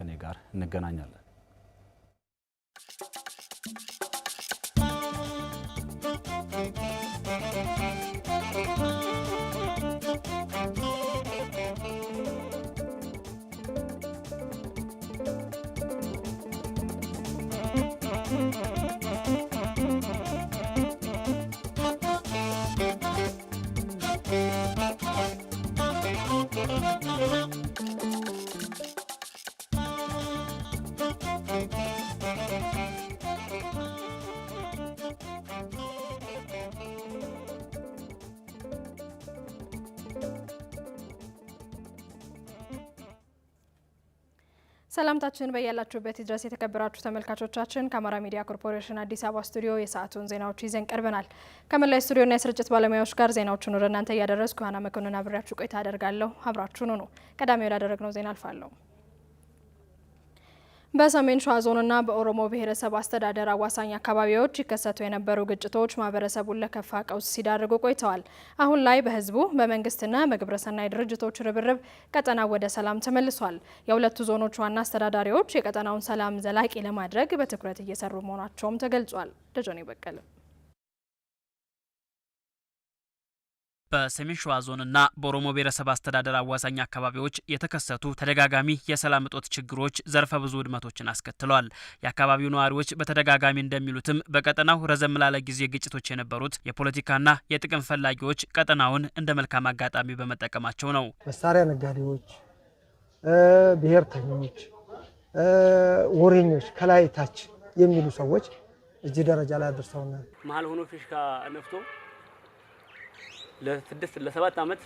ከኔ ጋር እንገናኛለን። ሰላምታችን በያላችሁበት ድረስ የተከበራችሁ ተመልካቾቻችን፣ ከአማራ ሚዲያ ኮርፖሬሽን አዲስ አበባ ስቱዲዮ የሰዓቱን ዜናዎች ይዘን ቀርበናል። ከመላይ ስቱዲዮና የስርጭት ባለሙያዎች ጋር ዜናዎችን ወደ እናንተ እያደረስኩ ዮሀና መኮንን አብሬያችሁ ቆይታ አደርጋለሁ። አብራችሁን ሆኖ ቀዳሚ ወዳደረግነው ዜና አልፋለሁ። በሰሜን ሸዋ ዞንና በኦሮሞ ብሔረሰብ አስተዳደር አዋሳኝ አካባቢዎች ይከሰቱ የነበሩ ግጭቶች ማህበረሰቡን ለከፋ ቀውስ ሲዳርጉ ቆይተዋል። አሁን ላይ በህዝቡ በመንግስትና በግብረሰናይ ድርጅቶች ርብርብ ቀጠናው ወደ ሰላም ተመልሷል። የሁለቱ ዞኖች ዋና አስተዳዳሪዎች የቀጠናውን ሰላም ዘላቂ ለማድረግ በትኩረት እየሰሩ መሆናቸውም ተገልጿል። ደጀኔ በቀለ በሰሜን ሸዋ ዞንና በኦሮሞ ብሔረሰብ አስተዳደር አዋሳኝ አካባቢዎች የተከሰቱ ተደጋጋሚ የሰላም እጦት ችግሮች ዘርፈ ብዙ ውድመቶችን አስከትለዋል። የአካባቢው ነዋሪዎች በተደጋጋሚ እንደሚሉትም በቀጠናው ረዘም ላለ ጊዜ ግጭቶች የነበሩት የፖለቲካና የጥቅም ፈላጊዎች ቀጠናውን እንደ መልካም አጋጣሚ በመጠቀማቸው ነው። መሳሪያ ነጋዴዎች፣ ብሔርተኞች፣ ወሬኞች ከላይ ታች የሚሉ ሰዎች እዚህ ደረጃ ላይ አድርሰውናል። መሀል ሆኖ ፊሽካ ነፍቶ ለስድስት ለሰባት ዓመት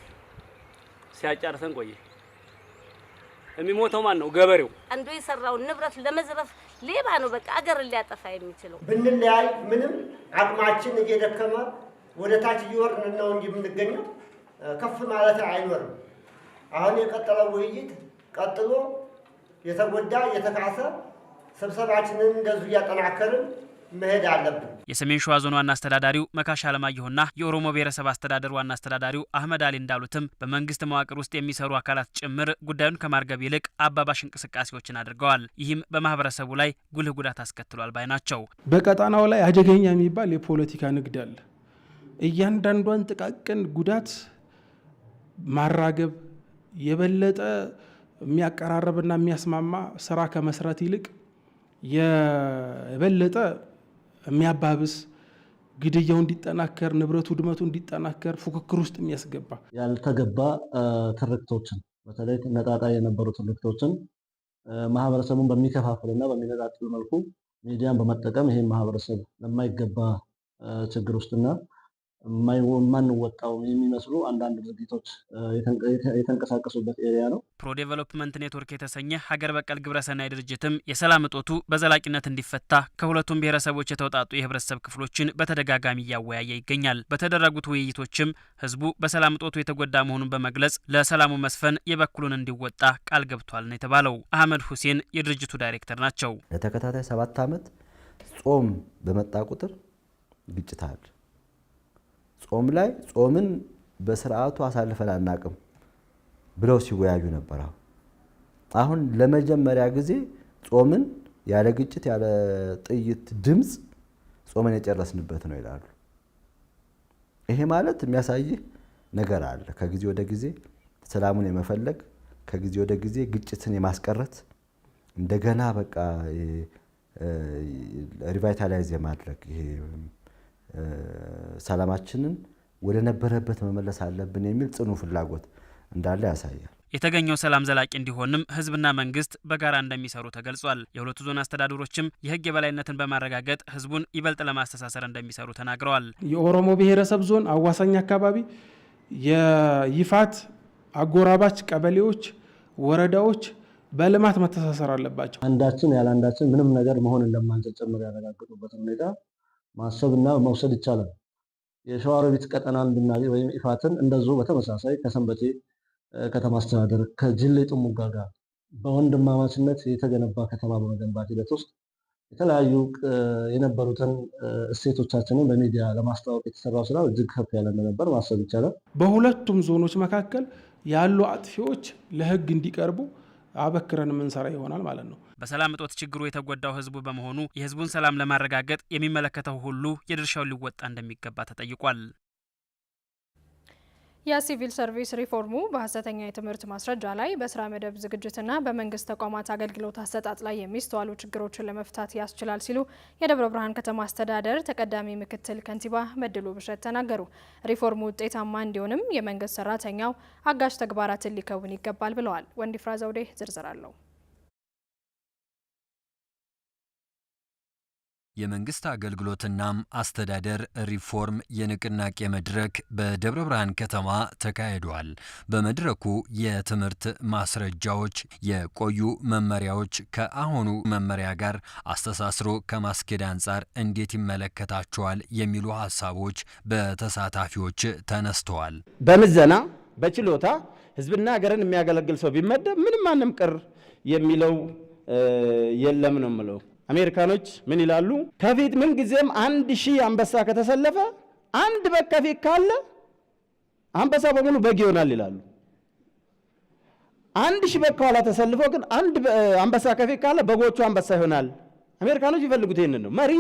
ሲያጫርሰን ቆየ። የሚሞተው ማን ነው? ገበሬው። አንዱ የሰራውን ንብረት ለመዝረፍ ሌባ ነው፣ በቃ አገር ሊያጠፋ የሚችለው። ብንለያይ ምንም አቅማችን እየደከመ ወደ ታች እየወርን ነው እንጂ የምንገኘው ከፍ ማለት አይኖርም። አሁን የቀጠለው ውይይት ቀጥሎ የተጎዳ የተካሰ ስብሰባችንን እንደዚሁ እያጠናከርን መሄድ አለብን። የሰሜን ሸዋ ዞን ዋና አስተዳዳሪው መካሻ አለማየሁና የኦሮሞ ብሔረሰብ አስተዳደር ዋና አስተዳዳሪው አህመድ አሊ እንዳሉትም በመንግስት መዋቅር ውስጥ የሚሰሩ አካላት ጭምር ጉዳዩን ከማርገብ ይልቅ አባባሽ እንቅስቃሴዎችን አድርገዋል። ይህም በማህበረሰቡ ላይ ጉልህ ጉዳት አስከትሏል ባይ ናቸው። በቀጣናው ላይ አደገኛ የሚባል የፖለቲካ ንግድ አለ። እያንዳንዷን ጥቃቅን ጉዳት ማራገብ የበለጠ የሚያቀራረብና የሚያስማማ ስራ ከመስራት ይልቅ የበለጠ የሚያባብስ ግድያው እንዲጠናከር ንብረቱ ውድመቱ እንዲጠናከር ፉክክር ውስጥ የሚያስገባ ያልተገባ ትርክቶችን በተለይ ነጣጣ የነበሩ ትርክቶችን ማህበረሰቡን በሚከፋፍልና በሚነጣጥል መልኩ ሚዲያን በመጠቀም ይህን ማህበረሰብ ለማይገባ ችግር ውስጥና የማንወጣው የሚመስሉ አንዳንድ ድርጊቶች የተንቀሳቀሱበት ኤሪያ ነው። ፕሮ ዴቨሎፕመንት ኔትወርክ የተሰኘ ሀገር በቀል ግብረሰናይ ድርጅትም የሰላም እጦቱ በዘላቂነት እንዲፈታ ከሁለቱም ብሔረሰቦች የተውጣጡ የህብረተሰብ ክፍሎችን በተደጋጋሚ እያወያየ ይገኛል። በተደረጉት ውይይቶችም ህዝቡ በሰላም እጦቱ የተጎዳ መሆኑን በመግለጽ ለሰላሙ መስፈን የበኩሉን እንዲወጣ ቃል ገብቷል ነው የተባለው። አህመድ ሁሴን የድርጅቱ ዳይሬክተር ናቸው። ለተከታታይ ሰባት ዓመት ጾም በመጣ ቁጥር ግጭት አለ ጾም ላይ ጾምን በስርዓቱ አሳልፈን አናቅም ብለው ሲወያዩ ነበር። አሁን ለመጀመሪያ ጊዜ ጾምን ያለ ግጭት ያለ ጥይት ድምፅ ጾምን የጨረስንበት ነው ይላሉ። ይሄ ማለት የሚያሳይህ ነገር አለ። ከጊዜ ወደ ጊዜ ሰላሙን የመፈለግ ከጊዜ ወደ ጊዜ ግጭትን የማስቀረት እንደገና በቃ ሪቫይታላይዝ የማድረግ ሰላማችንን ወደ ነበረበት መመለስ አለብን የሚል ጽኑ ፍላጎት እንዳለ ያሳያል። የተገኘው ሰላም ዘላቂ እንዲሆንም ህዝብና መንግስት በጋራ እንደሚሰሩ ተገልጿል። የሁለቱ ዞን አስተዳደሮችም የህግ የበላይነትን በማረጋገጥ ህዝቡን ይበልጥ ለማስተሳሰር እንደሚሰሩ ተናግረዋል። የኦሮሞ ብሔረሰብ ዞን አዋሳኝ አካባቢ የይፋት አጎራባች ቀበሌዎች፣ ወረዳዎች በልማት መተሳሰር አለባቸው። አንዳችን ያለ አንዳችን ምንም ነገር መሆን እንደማንጨምር ያረጋግጡበት ሁኔታ ማሰብና መውሰድ ይቻላል። የሸዋሮቢት ቀጠና እንድናገኝ ወይም ኢፋትን እንደዙ በተመሳሳይ ከሰንበቴ ከተማ አስተዳደር ከጅሌ ጥሙጋ ጋር በወንድማማችነት የተገነባ ከተማ በመገንባት ሂደት ውስጥ የተለያዩ የነበሩትን እሴቶቻችንን በሚዲያ ለማስተዋወቅ የተሰራው ስራ እጅግ ከፍ ያለ እንደነበር ማሰብ ይቻላል። በሁለቱም ዞኖች መካከል ያሉ አጥፊዎች ለሕግ እንዲቀርቡ አበክረን የምንሰራ ይሆናል ማለት ነው። በሰላም እጦት ችግሩ የተጎዳው ህዝቡ በመሆኑ የህዝቡን ሰላም ለማረጋገጥ የሚመለከተው ሁሉ የድርሻውን ሊወጣ እንደሚገባ ተጠይቋል። የሲቪል ሰርቪስ ሪፎርሙ በሀሰተኛ የትምህርት ማስረጃ ላይ በስራ መደብ ዝግጅትና በመንግስት ተቋማት አገልግሎት አሰጣጥ ላይ የሚስተዋሉ ችግሮችን ለመፍታት ያስችላል ሲሉ የደብረ ብርሃን ከተማ አስተዳደር ተቀዳሚ ምክትል ከንቲባ መድሉ ብሸት ተናገሩ። ሪፎርሙ ውጤታማ እንዲሆንም የመንግስት ሰራተኛው አጋዥ ተግባራትን ሊከውን ይገባል ብለዋል። ወንዲፍራ ዘውዴ ዝርዝር አለው። የመንግስት አገልግሎትናም አስተዳደር ሪፎርም የንቅናቄ መድረክ በደብረ ብርሃን ከተማ ተካሂዷል። በመድረኩ የትምህርት ማስረጃዎች፣ የቆዩ መመሪያዎች ከአሁኑ መመሪያ ጋር አስተሳስሮ ከማስኬድ አንጻር እንዴት ይመለከታቸዋል የሚሉ ሀሳቦች በተሳታፊዎች ተነስተዋል። በምዘና በችሎታ ህዝብና ሀገርን የሚያገለግል ሰው ቢመደብ ምንም ማንም ቅር የሚለው የለም ነው የምለው አሜሪካኖች ምን ይላሉ? ከፊት ምንጊዜም አንድ ሺህ አንበሳ ከተሰለፈ አንድ በግ ከፊት ካለ አንበሳ በሙሉ በግ ይሆናል ይላሉ። አንድ ሺህ በግ ከኋላ ተሰልፎ ግን አንድ አንበሳ ከፊት ካለ በጎቹ አንበሳ ይሆናል። አሜሪካኖች ይፈልጉት ይህንን ነው። መሪ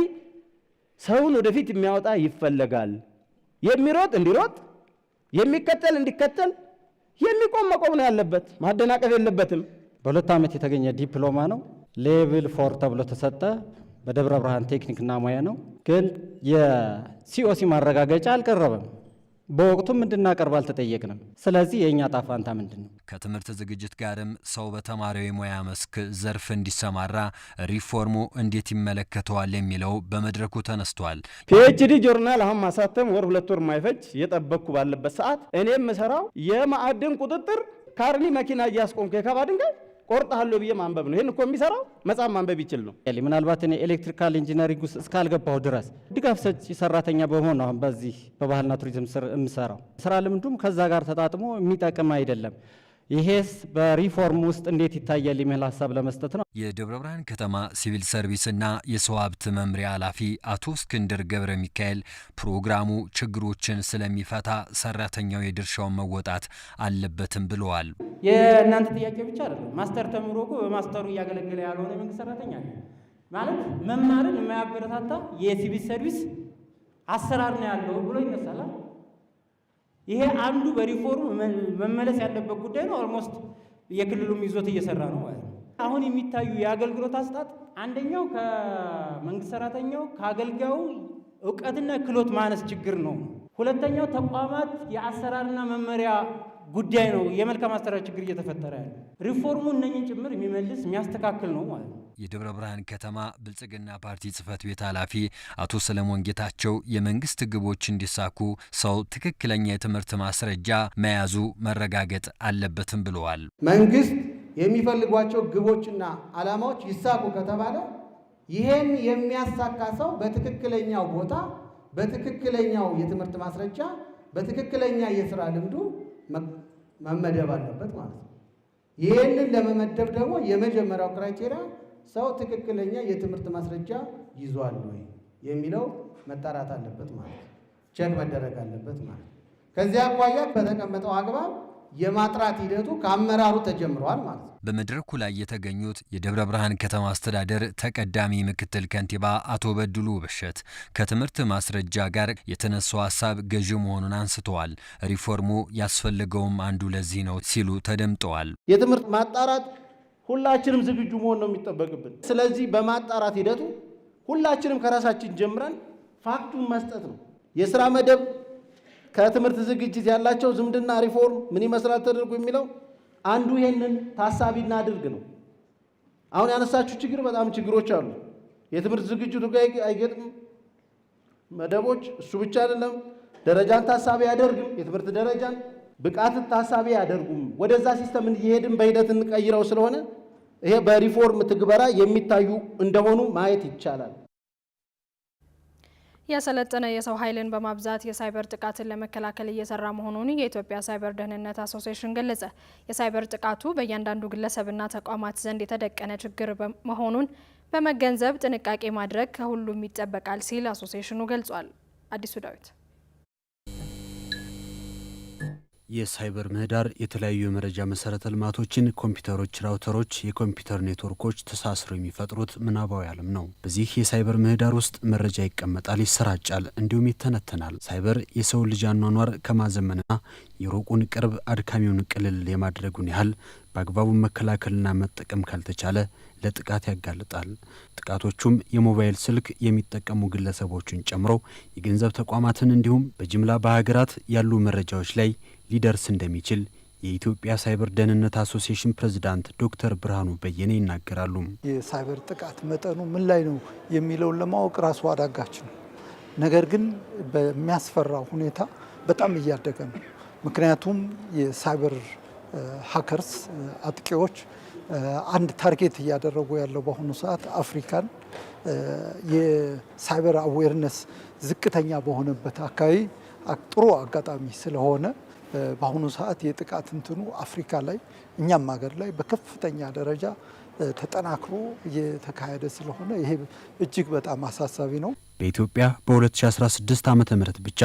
ሰውን ወደፊት የሚያወጣ ይፈለጋል። የሚሮጥ እንዲሮጥ፣ የሚከተል እንዲከተል፣ የሚቆም መቆም ነው ያለበት። ማደናቀፍ የለበትም። በሁለት ዓመት የተገኘ ዲፕሎማ ነው። ሌቭል ፎር ተብሎ ተሰጠ። በደብረ ብርሃን ቴክኒክና ሙያ ነው። ግን የሲኦሲ ማረጋገጫ አልቀረበም። በወቅቱም እንድናቀርብ አልተጠየቅንም። ስለዚህ የእኛ ጣፋንታ ምንድን ነው? ከትምህርት ዝግጅት ጋርም ሰው በተማሪው የሙያ መስክ ዘርፍ እንዲሰማራ ሪፎርሙ እንዴት ይመለከተዋል የሚለው በመድረኩ ተነስቷል። ፒኤችዲ ጆርናል አሁን ማሳተም ወር ሁለት ወር የማይፈጅ የጠበቅኩ ባለበት ሰዓት እኔ የምሰራው የማዕድን ቁጥጥር ካርኒ መኪና እያስቆምኩ የካባ ድንጋይ ቆርጠሃለሁ ብዬ ማንበብ ነው። ይህን እኮ የሚሰራው መጽሐፍ ማንበብ ይችል ነው። ምናልባት እኔ ኤሌክትሪካል ኢንጂነሪንግ ውስጥ እስካልገባሁ ድረስ ድጋፍ ሰጪ ሰራተኛ በመሆን አሁን በዚህ በባህልና ቱሪዝም ስር የምሰራው ስራ ልምዱም ከዛ ጋር ተጣጥሞ የሚጠቅም አይደለም። ይሄስ በሪፎርም ውስጥ እንዴት ይታያል የሚል ሀሳብ ለመስጠት ነው። የደብረ ብርሃን ከተማ ሲቪል ሰርቪስና የሰው ሀብት መምሪያ ኃላፊ አቶ እስክንድር ገብረ ሚካኤል ፕሮግራሙ ችግሮችን ስለሚፈታ ሰራተኛው የድርሻውን መወጣት አለበትም ብለዋል። የእናንተ ጥያቄ ብቻ አይደለም። ማስተር ተምሮ እኮ በማስተሩ እያገለገለ ያልሆነ የመንግስት ሰራተኛ ማለት መማርን የማያበረታታ የሲቪል ሰርቪስ አሰራር ነው ያለው ብሎ ይነሳላል። ይሄ አንዱ በሪፎርም መመለስ ያለበት ጉዳይ ነው። ኦልሞስት የክልሉም ይዞት እየሰራ ነው ማለት ነው። አሁን የሚታዩ የአገልግሎት አሰጣጥ አንደኛው ከመንግስት ሰራተኛው ከአገልጋዩ እውቀትና ክህሎት ማነስ ችግር ነው። ሁለተኛው ተቋማት የአሰራርና መመሪያ ጉዳይ ነው። የመልካም አሰራር ችግር እየተፈጠረ ያለ ሪፎርሙ እነኝን ጭምር የሚመልስ የሚያስተካክል ነው ማለት ነው። የደብረ ብርሃን ከተማ ብልጽግና ፓርቲ ጽህፈት ቤት ኃላፊ አቶ ሰለሞን ጌታቸው የመንግስት ግቦች እንዲሳኩ ሰው ትክክለኛ የትምህርት ማስረጃ መያዙ መረጋገጥ አለበትም ብለዋል። መንግስት የሚፈልጓቸው ግቦችና ዓላማዎች ይሳኩ ከተባለ ይህን የሚያሳካ ሰው በትክክለኛው ቦታ፣ በትክክለኛው የትምህርት ማስረጃ፣ በትክክለኛ የስራ ልምዱ መመደብ አለበት ማለት ነው። ይህንን ለመመደብ ደግሞ የመጀመሪያው ክራይቴሪያ ሰው ትክክለኛ የትምህርት ማስረጃ ይዟል ወይ የሚለው መጣራት አለበት ማለት ቼክ ቸክ መደረግ አለበት ማለት ከዚያ አኳያ በተቀመጠው አግባብ የማጥራት ሂደቱ ከአመራሩ ተጀምሯል ማለት ነው። በመድረኩ ላይ የተገኙት የደብረ ብርሃን ከተማ አስተዳደር ተቀዳሚ ምክትል ከንቲባ አቶ በድሉ በሸት ከትምህርት ማስረጃ ጋር የተነሳው ሀሳብ ገዢ መሆኑን አንስተዋል። ሪፎርሙ ያስፈልገውም አንዱ ለዚህ ነው ሲሉ ተደምጠዋል። የትምህርት ማጣራት ሁላችንም ዝግጁ መሆን ነው የሚጠበቅብን። ስለዚህ በማጣራት ሂደቱ ሁላችንም ከራሳችን ጀምረን ፋክቱን መስጠት ነው። የስራ መደብ ከትምህርት ዝግጅት ያላቸው ዝምድና፣ ሪፎርም ምን ይመስላል ተደርጎ የሚለው አንዱ ይሄንን ታሳቢ እናድርግ ነው። አሁን ያነሳችሁ ችግር በጣም ችግሮች አሉ። የትምህርት ዝግጅቱ ጋር አይገጥም መደቦች፣ እሱ ብቻ አይደለም ደረጃን ታሳቢ አያደርግም የትምህርት ደረጃን ብቃት ታሳቢ አያደርጉም። ወደዛ ሲስተም እየሄድን በሂደት እንቀይረው ስለሆነ ይሄ በሪፎርም ትግበራ የሚታዩ እንደሆኑ ማየት ይቻላል። የሰለጠነ የሰው ኃይልን በማብዛት የሳይበር ጥቃትን ለመከላከል እየሰራ መሆኑን የኢትዮጵያ ሳይበር ደህንነት አሶሲሽን ገለጸ። የሳይበር ጥቃቱ በእያንዳንዱ ግለሰብና ተቋማት ዘንድ የተደቀነ ችግር መሆኑን በመገንዘብ ጥንቃቄ ማድረግ ከሁሉም ይጠበቃል ሲል አሶሲዬሽኑ ገልጿል። አዲሱ ዳዊት የሳይበር ምህዳር የተለያዩ የመረጃ መሰረተ ልማቶችን፣ ኮምፒውተሮች፣ ራውተሮች፣ የኮምፒውተር ኔትወርኮች ተሳስረው የሚፈጥሩት ምናባዊ ዓለም ነው። በዚህ የሳይበር ምህዳር ውስጥ መረጃ ይቀመጣል፣ ይሰራጫል፣ እንዲሁም ይተነተናል። ሳይበር የሰው ልጅ አኗኗር ከማዘመንና የሩቁን ቅርብ፣ አድካሚውን ቅልል የማድረጉን ያህል በአግባቡ መከላከልና መጠቀም ካልተቻለ ለጥቃት ያጋልጣል። ጥቃቶቹም የሞባይል ስልክ የሚጠቀሙ ግለሰቦችን ጨምሮ የገንዘብ ተቋማትን እንዲሁም በጅምላ በሀገራት ያሉ መረጃዎች ላይ ሊደርስ እንደሚችል የኢትዮጵያ ሳይበር ደህንነት አሶሲሽን ፕሬዝዳንት ዶክተር ብርሃኑ በየነ ይናገራሉ። የሳይበር ጥቃት መጠኑ ምን ላይ ነው የሚለውን ለማወቅ ራሱ አዳጋች ነው። ነገር ግን በሚያስፈራ ሁኔታ በጣም እያደገ ነው። ምክንያቱም የሳይበር ሀከርስ አጥቂዎች አንድ ታርጌት እያደረጉ ያለው በአሁኑ ሰዓት አፍሪካን የሳይበር አዌርነስ ዝቅተኛ በሆነበት አካባቢ ጥሩ አጋጣሚ ስለሆነ በአሁኑ ሰዓት የጥቃት እንትኑ አፍሪካ ላይ እኛም ሀገር ላይ በከፍተኛ ደረጃ ተጠናክሮ እየተካሄደ ስለሆነ ይሄ እጅግ በጣም አሳሳቢ ነው። በኢትዮጵያ በ2016 ዓ ም ብቻ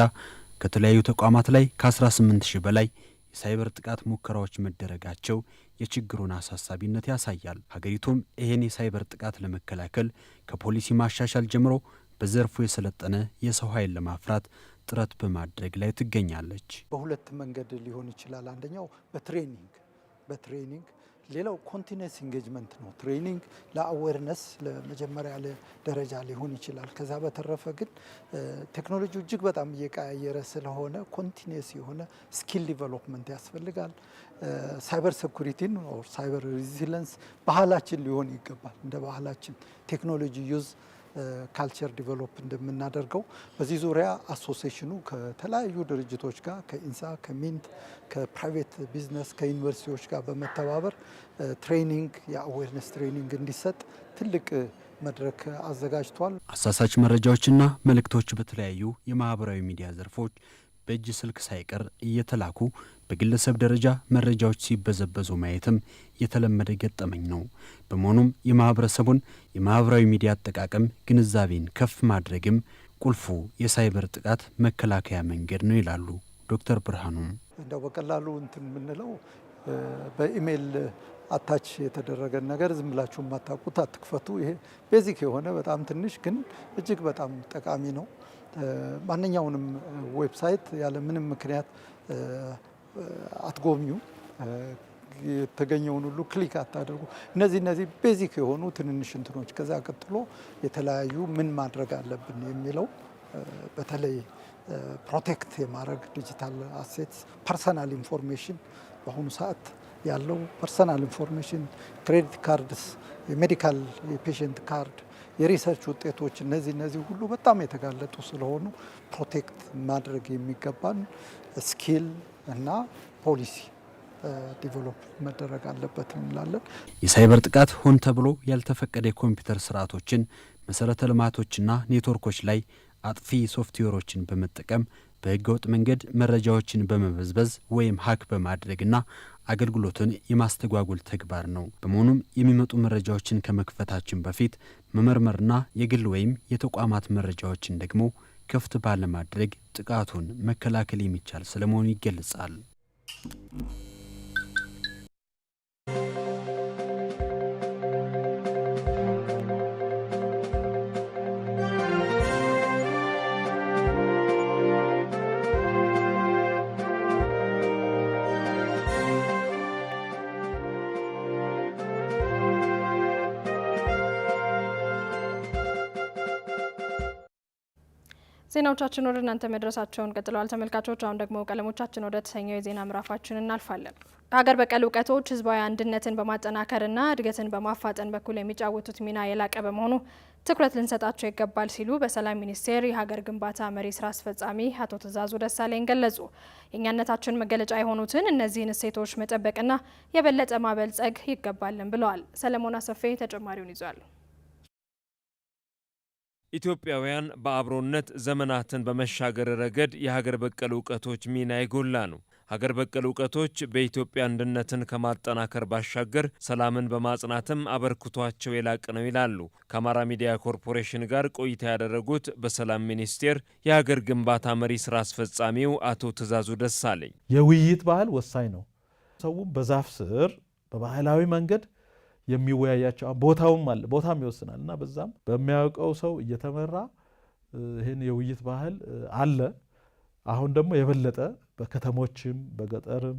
ከተለያዩ ተቋማት ላይ ከ18 ሺህ በላይ የሳይበር ጥቃት ሙከራዎች መደረጋቸው የችግሩን አሳሳቢነት ያሳያል። ሀገሪቱም ይህን የሳይበር ጥቃት ለመከላከል ከፖሊሲ ማሻሻል ጀምሮ በዘርፉ የሰለጠነ የሰው ኃይል ለማፍራት ጥረት በማድረግ ላይ ትገኛለች። በሁለት መንገድ ሊሆን ይችላል። አንደኛው በትሬኒንግ በትሬኒንግ ሌላው ኮንቲነስ ኢንጌጅመንት ነው። ትሬኒንግ ለአዌርነስ ለመጀመሪያ ደረጃ ሊሆን ይችላል። ከዛ በተረፈ ግን ቴክኖሎጂ እጅግ በጣም እየቀያየረ ስለሆነ ኮንቲነስ የሆነ ስኪል ዲቨሎፕመንት ያስፈልጋል። ሳይበር ሴኩሪቲን ኦር ሳይበር ሬዚለንስ ባህላችን ሊሆን ይገባል። እንደ ባህላችን ቴክኖሎጂ ዩዝ ካልቸር ዲቨሎፕ እንደምናደርገው በዚህ ዙሪያ አሶሴሽኑ ከተለያዩ ድርጅቶች ጋር ከኢንሳ፣ ከሚንት፣ ከፕራይቬት ቢዝነስ፣ ከዩኒቨርሲቲዎች ጋር በመተባበር ትሬኒንግ የአዌርነስ ትሬኒንግ እንዲሰጥ ትልቅ መድረክ አዘጋጅቷል። አሳሳች መረጃዎችና መልእክቶች በተለያዩ የማህበራዊ ሚዲያ ዘርፎች በእጅ ስልክ ሳይቀር እየተላኩ በግለሰብ ደረጃ መረጃዎች ሲበዘበዙ ማየትም የተለመደ ገጠመኝ ነው። በመሆኑም የማህበረሰቡን የማህበራዊ ሚዲያ አጠቃቀም ግንዛቤን ከፍ ማድረግም ቁልፉ የሳይበር ጥቃት መከላከያ መንገድ ነው ይላሉ ዶክተር ብርሃኑ። እንደው በቀላሉ እንትን የምንለው በኢሜይል አታች የተደረገ ነገር ዝም ብላችሁ የማታውቁት አትክፈቱ። ይሄ ቤዚክ የሆነ በጣም ትንሽ ግን እጅግ በጣም ጠቃሚ ነው። ማንኛውንም ዌብሳይት ያለ ምንም ምክንያት አትጎብኙ፣ የተገኘውን ሁሉ ክሊክ አታደርጉ። እነዚህ እነዚህ ቤዚክ የሆኑ ትንንሽ እንትኖች። ከዛ ቀጥሎ የተለያዩ ምን ማድረግ አለብን የሚለው በተለይ ፕሮቴክት የማድረግ ዲጂታል አሴት ፐርሰናል ኢንፎርሜሽን በአሁኑ ሰዓት ያለው ፐርሰናል ኢንፎርሜሽን ክሬዲት ካርድስ፣ የሜዲካል የፔሽንት ካርድ፣ የሪሰርች ውጤቶች እነዚህ እነዚህ ሁሉ በጣም የተጋለጡ ስለሆኑ ፕሮቴክት ማድረግ የሚገባን ስኪል እና ፖሊሲ ዲቨሎፕ መደረግ አለበት እንላለን። የሳይበር ጥቃት ሆን ተብሎ ያልተፈቀደ የኮምፒውተር ስርዓቶችን፣ መሰረተ ልማቶችና ኔትወርኮች ላይ አጥፊ ሶፍትዌሮችን በመጠቀም በህገወጥ መንገድ መረጃዎችን በመበዝበዝ ወይም ሀክ በማድረግና አገልግሎትን የማስተጓጎል ተግባር ነው። በመሆኑም የሚመጡ መረጃዎችን ከመክፈታችን በፊት መመርመርና የግል ወይም የተቋማት መረጃዎችን ደግሞ ክፍት ባለማድረግ ጥቃቱን መከላከል የሚቻል ስለመሆኑ ይገልጻል። ዜናዎቻችን ወደ እናንተ መድረሳቸውን ቀጥለዋል ተመልካቾች። አሁን ደግሞ ቀለሞቻችን ወደ ተሰኘው የዜና ምዕራፋችን እናልፋለን። ሀገር በቀል እውቀቶች ህዝባዊ አንድነትን በማጠናከርና እድገትን በማፋጠን በኩል የሚጫወቱት ሚና የላቀ በመሆኑ ትኩረት ልንሰጣቸው ይገባል ሲሉ በሰላም ሚኒስቴር የሀገር ግንባታ መሪ ስራ አስፈጻሚ አቶ ትእዛዙ ደሳለኝ ገለጹ። የእኛነታችን መገለጫ የሆኑትን እነዚህን እሴቶች መጠበቅና የበለጠ ማበልጸግ ይገባልን ብለዋል። ሰለሞን አሰፌ ተጨማሪውን ይዟል። ኢትዮጵያውያን በአብሮነት ዘመናትን በመሻገር ረገድ የሀገር በቀል እውቀቶች ሚና የጎላ ነው። ሀገር በቀል እውቀቶች በኢትዮጵያ አንድነትን ከማጠናከር ባሻገር ሰላምን በማጽናትም አበርክቷቸው የላቅ ነው ይላሉ ከአማራ ሚዲያ ኮርፖሬሽን ጋር ቆይታ ያደረጉት በሰላም ሚኒስቴር የሀገር ግንባታ መሪ ስራ አስፈጻሚው አቶ ትእዛዙ ደሳለኝ። የውይይት ባህል ወሳኝ ነው። ሰውም በዛፍ ስር በባህላዊ መንገድ የሚወያያቸው ቦታውም አለ ቦታም ይወስናል እና በዛም በሚያውቀው ሰው እየተመራ ይህን የውይይት ባህል አለ። አሁን ደግሞ የበለጠ በከተሞችም በገጠርም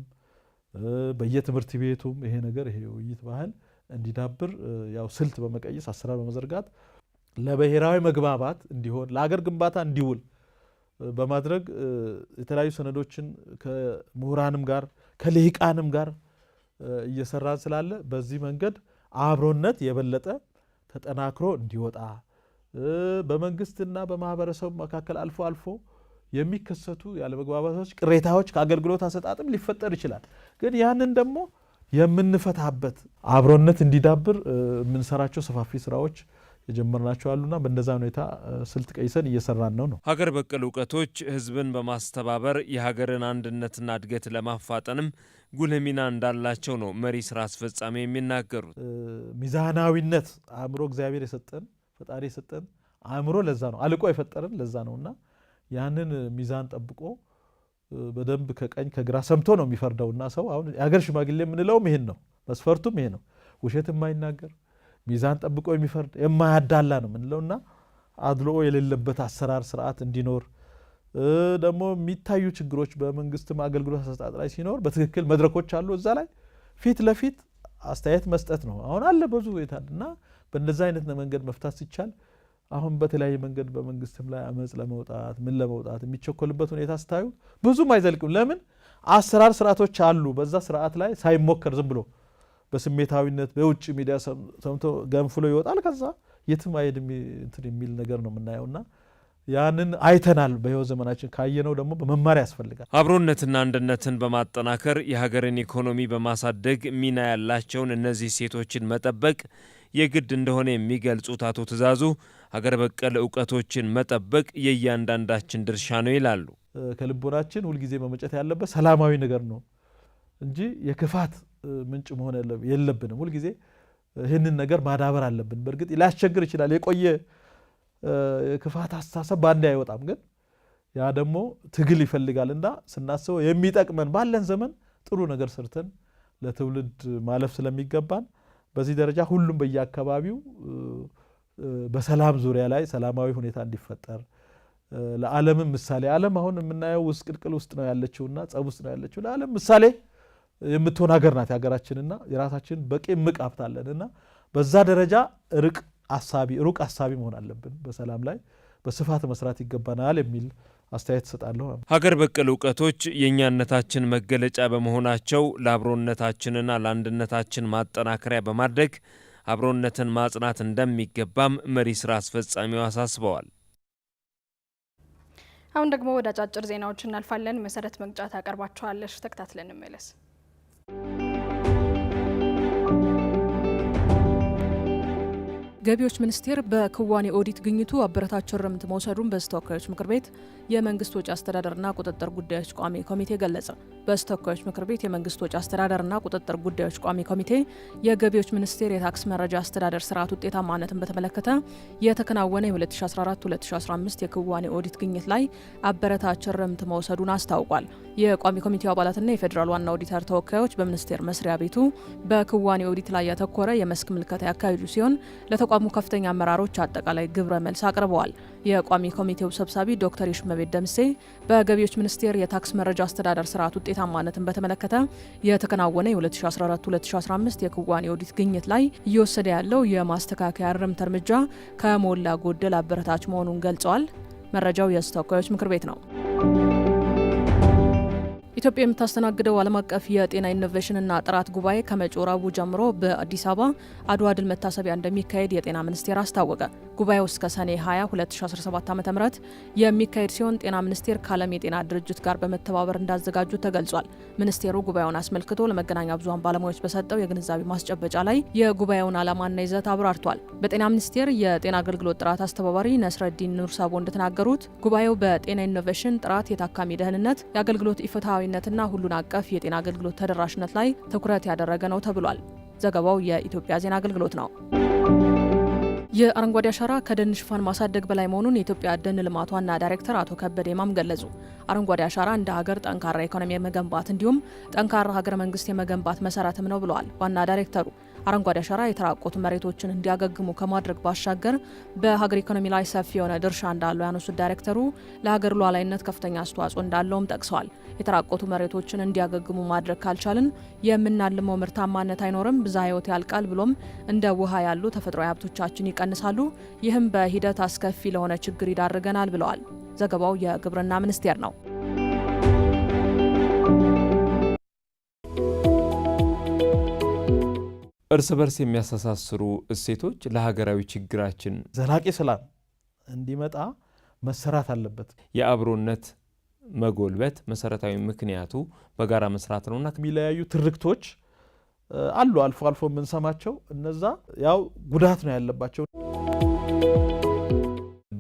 በየትምህርት ቤቱም ይሄ ነገር ይሄ የውይይት ባህል እንዲዳብር ያው ስልት በመቀየስ አሰራር በመዘርጋት ለብሔራዊ መግባባት እንዲሆን ለአገር ግንባታ እንዲውል በማድረግ የተለያዩ ሰነዶችን ከምሁራንም ጋር ከልሂቃንም ጋር እየሰራን ስላለ በዚህ መንገድ አብሮነት የበለጠ ተጠናክሮ እንዲወጣ በመንግስትና በማህበረሰቡ መካከል አልፎ አልፎ የሚከሰቱ ያለመግባባቶች፣ ቅሬታዎች ከአገልግሎት አሰጣጥም ሊፈጠር ይችላል። ግን ያንን ደግሞ የምንፈታበት አብሮነት እንዲዳብር የምንሰራቸው ሰፋፊ ስራዎች የጀመርናቸው አሉና በእንደዛ ሁኔታ ስልት ቀይሰን እየሰራን ነው ነው ሀገር በቀል እውቀቶች ህዝብን በማስተባበር የሀገርን አንድነትና እድገት ለማፋጠንም ጉልህ ሚና እንዳላቸው ነው መሪ ስራ አስፈጻሚ የሚናገሩት። ሚዛናዊነት አእምሮ እግዚአብሔር የሰጠን ፈጣሪ የሰጠን አእምሮ ለዛ ነው አልቆ የፈጠረን ለዛ ነው እና ያንን ሚዛን ጠብቆ በደንብ ከቀኝ ከግራ ሰምቶ ነው የሚፈርደውና ሰው አሁን የሀገር ሽማግሌ የምንለውም ይሄን ነው መስፈርቱም ይሄ ነው ውሸት የማይናገር ሚዛን ጠብቆ የሚፈርድ የማያዳላ ነው ምንለውና አድልኦ የሌለበት አሰራር ስርዓት እንዲኖር ደግሞ የሚታዩ ችግሮች በመንግስትም አገልግሎት አሰጣጥ ላይ ሲኖር በትክክል መድረኮች አሉ። እዛ ላይ ፊት ለፊት አስተያየት መስጠት ነው። አሁን አለ ብዙ ሁኔታል እና አይነት መንገድ መፍታት ሲቻል አሁን በተለያየ መንገድ በመንግስትም ላይ አመፅ ለመውጣት ምን ለመውጣት የሚቸኮልበት ሁኔታ ስታዩ ብዙም አይዘልቅም። ለምን አሰራር ስርዓቶች አሉ። በዛ ስርዓት ላይ ሳይሞከር ዝም ብሎ በስሜታዊነት በውጭ ሚዲያ ሰምቶ ገንፍሎ ይወጣል። ከዛ የትም አይሄድም እንትን የሚል ነገር ነው የምናየውና ያንን አይተናል። በህይወት ዘመናችን ካየነው ደግሞ በመማር ያስፈልጋል። አብሮነትና አንድነትን በማጠናከር የሀገርን ኢኮኖሚ በማሳደግ ሚና ያላቸውን እነዚህ ሴቶችን መጠበቅ የግድ እንደሆነ የሚገልጹት አቶ ትእዛዙ ሀገር በቀል እውቀቶችን መጠበቅ የእያንዳንዳችን ድርሻ ነው ይላሉ። ከልቦናችን ሁልጊዜ መመጨት ያለበት ሰላማዊ ነገር ነው እንጂ የክፋት ምንጭ መሆን የለብንም። ሁልጊዜ ይህንን ነገር ማዳበር አለብን። በእርግጥ ሊያስቸግር ይችላል። የቆየ ክፋት አስተሳሰብ በአንድ አይወጣም፣ ግን ያ ደግሞ ትግል ይፈልጋል እና ስናስበው የሚጠቅመን ባለን ዘመን ጥሩ ነገር ሰርተን ለትውልድ ማለፍ ስለሚገባን በዚህ ደረጃ ሁሉም በየአካባቢው በሰላም ዙሪያ ላይ ሰላማዊ ሁኔታ እንዲፈጠር ለዓለምም ምሳሌ ዓለም አሁን የምናየው ውስጥ ቅልቅል ውስጥ ነው ያለችውና ጸብ ውስጥ ነው ያለችው ለዓለም ምሳሌ የምትሆን ሀገር ናት የሀገራችንና የራሳችን በቂ እምቅ ሀብት አለን እና በዛ ደረጃ ሩቅ አሳቢ ሩቅ አሳቢ መሆን አለብን። በሰላም ላይ በስፋት መስራት ይገባናል የሚል አስተያየት እሰጣለሁ። ሀገር በቀል እውቀቶች የእኛነታችን መገለጫ በመሆናቸው ለአብሮነታችንና ለአንድነታችን ማጠናከሪያ በማድረግ አብሮነትን ማጽናት እንደሚገባም መሪ ስራ አስፈጻሚው አሳስበዋል። አሁን ደግሞ ወደ አጫጭር ዜናዎች እናልፋለን። መሰረት መግጫ ታቀርባቸዋለች። ተከታትለን እንመለስ። you. ገቢዎች ሚኒስቴር በክዋኔ ኦዲት ግኝቱ አበረታች እርምት መውሰዱን በስተወካዮች ምክር ቤት የመንግስት ወጪ አስተዳደርና ቁጥጥር ጉዳዮች ቋሚ ኮሚቴ ገለጸ። በስተወካዮች ምክር ቤት የመንግስት ወጪ አስተዳደርና ቁጥጥር ጉዳዮች ቋሚ ኮሚቴ የገቢዎች ሚኒስቴር የታክስ መረጃ አስተዳደር ስርዓት ውጤታማነትን በተመለከተ የተከናወነ የ2014-2015 የክዋኔ ኦዲት ግኝት ላይ አበረታች እርምት መውሰዱን አስታውቋል። የቋሚ ኮሚቴው አባላትና የፌዴራል ዋና ኦዲተር ተወካዮች በሚኒስቴር መስሪያ ቤቱ በክዋኔ ኦዲት ላይ ያተኮረ የመስክ ምልከታ ያካሄዱ ሲሆን የተቋሙ ከፍተኛ አመራሮች አጠቃላይ ግብረ መልስ አቅርበዋል። የቋሚ ኮሚቴው ሰብሳቢ ዶክተር የሽመቤት ደምሴ በገቢዎች ሚኒስቴር የታክስ መረጃ አስተዳደር ስርዓት ውጤታማነትን በተመለከተ የተከናወነ የ2014-2015 የክዋኔ ኦዲት ግኝት ላይ እየወሰደ ያለው የማስተካከያ እርምት እርምጃ ከሞላ ጎደል አበረታች መሆኑን ገልጸዋል። መረጃው የተወካዮች ምክር ቤት ነው። ኢትዮጵያ የምታስተናግደው ዓለም አቀፍ የጤና ኢኖቬሽንና ጥራት ጉባኤ ከመጪው ረቡዕ ጀምሮ በአዲስ አበባ አድዋ ድል መታሰቢያ እንደሚካሄድ የጤና ሚኒስቴር አስታወቀ። ጉባኤው እስከ ሰኔ 20 2017 ዓ.ም የሚካሄድ ሲሆን ጤና ሚኒስቴር ከዓለም የጤና ድርጅት ጋር በመተባበር እንዳዘጋጁ ተገልጿል። ሚኒስቴሩ ጉባኤውን አስመልክቶ ለመገናኛ ብዙኃን ባለሙያዎች በሰጠው የግንዛቤ ማስጨበጫ ላይ የጉባኤውን ዓላማና ይዘት አብራርቷል። በጤና ሚኒስቴር የጤና አገልግሎት ጥራት አስተባባሪ ነስረዲን ኑርሳቦ እንደተናገሩት ጉባኤው በጤና ኢኖቬሽን ጥራት፣ የታካሚ ደህንነት፣ የአገልግሎት ኢፍትሐዊነትና ሁሉን አቀፍ የጤና አገልግሎት ተደራሽነት ላይ ትኩረት ያደረገ ነው ተብሏል። ዘገባው የኢትዮጵያ ዜና አገልግሎት ነው። የአረንጓዴ አሻራ ከደን ሽፋን ማሳደግ በላይ መሆኑን የኢትዮጵያ ደን ልማት ዋና ዳይሬክተር አቶ ከበደ ይማም ገለጹ። አረንጓዴ አሻራ እንደ ሀገር ጠንካራ ኢኮኖሚ የመገንባት እንዲሁም ጠንካራ ሀገረ መንግስት የመገንባት መሰረትም ነው ብለዋል ዋና ዳይሬክተሩ። አረንጓዴ አሻራ የተራቆቱ መሬቶችን እንዲያገግሙ ከማድረግ ባሻገር በሀገር ኢኮኖሚ ላይ ሰፊ የሆነ ድርሻ እንዳለው ያነሱት ዳይሬክተሩ ለሀገር ሉዓላዊነት ከፍተኛ አስተዋጽኦ እንዳለውም ጠቅሰዋል። የተራቆቱ መሬቶችን እንዲያገግሙ ማድረግ ካልቻልን የምናልመው ምርታማነት አይኖርም፣ ብዛ ህይወት ያልቃል፣ ብሎም እንደ ውሃ ያሉ ተፈጥሯዊ ሀብቶቻችን ይቀንሳሉ። ይህም በሂደት አስከፊ ለሆነ ችግር ይዳርገናል ብለዋል። ዘገባው የግብርና ሚኒስቴር ነው። እርስ በርስ የሚያስተሳስሩ እሴቶች ለሀገራዊ ችግራችን ዘላቂ ሰላም እንዲመጣ መሰራት አለበት። የአብሮነት መጎልበት መሰረታዊ ምክንያቱ በጋራ መስራት ነውና የሚለያዩ ትርክቶች አሉ፣ አልፎ አልፎ የምንሰማቸው እነዛ ያው ጉዳት ነው ያለባቸው።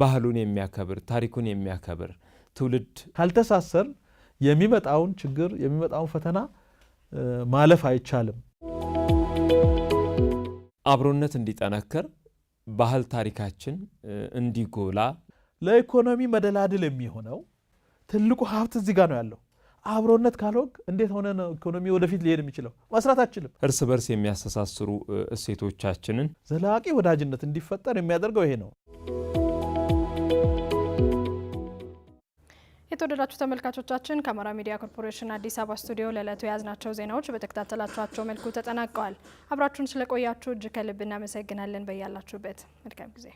ባህሉን የሚያከብር ታሪኩን የሚያከብር ትውልድ ካልተሳሰር የሚመጣውን ችግር የሚመጣውን ፈተና ማለፍ አይቻልም። አብሮነት እንዲጠነክር ባህል ታሪካችን እንዲጎላ ለኢኮኖሚ መደላድል የሚሆነው ትልቁ ሀብት እዚህ ጋር ነው ያለው። አብሮነት ካልሆንክ እንዴት ሆነ ነው ኢኮኖሚ ወደፊት ሊሄድ የሚችለው? መስራት አችልም። እርስ በርስ የሚያስተሳስሩ እሴቶቻችንን ዘላቂ ወዳጅነት እንዲፈጠር የሚያደርገው ይሄ ነው። የተወደዳችሁ ተመልካቾቻችን ከአማራ ሚዲያ ኮርፖሬሽን አዲስ አበባ ስቱዲዮ ለዕለቱ የያዝናቸው ዜናዎች በተከታተላችኋቸው መልኩ ተጠናቀዋል። አብራችሁን ስለቆያችሁ እጅ ከልብ እናመሰግናለን። በያላችሁበት መልካም ጊዜ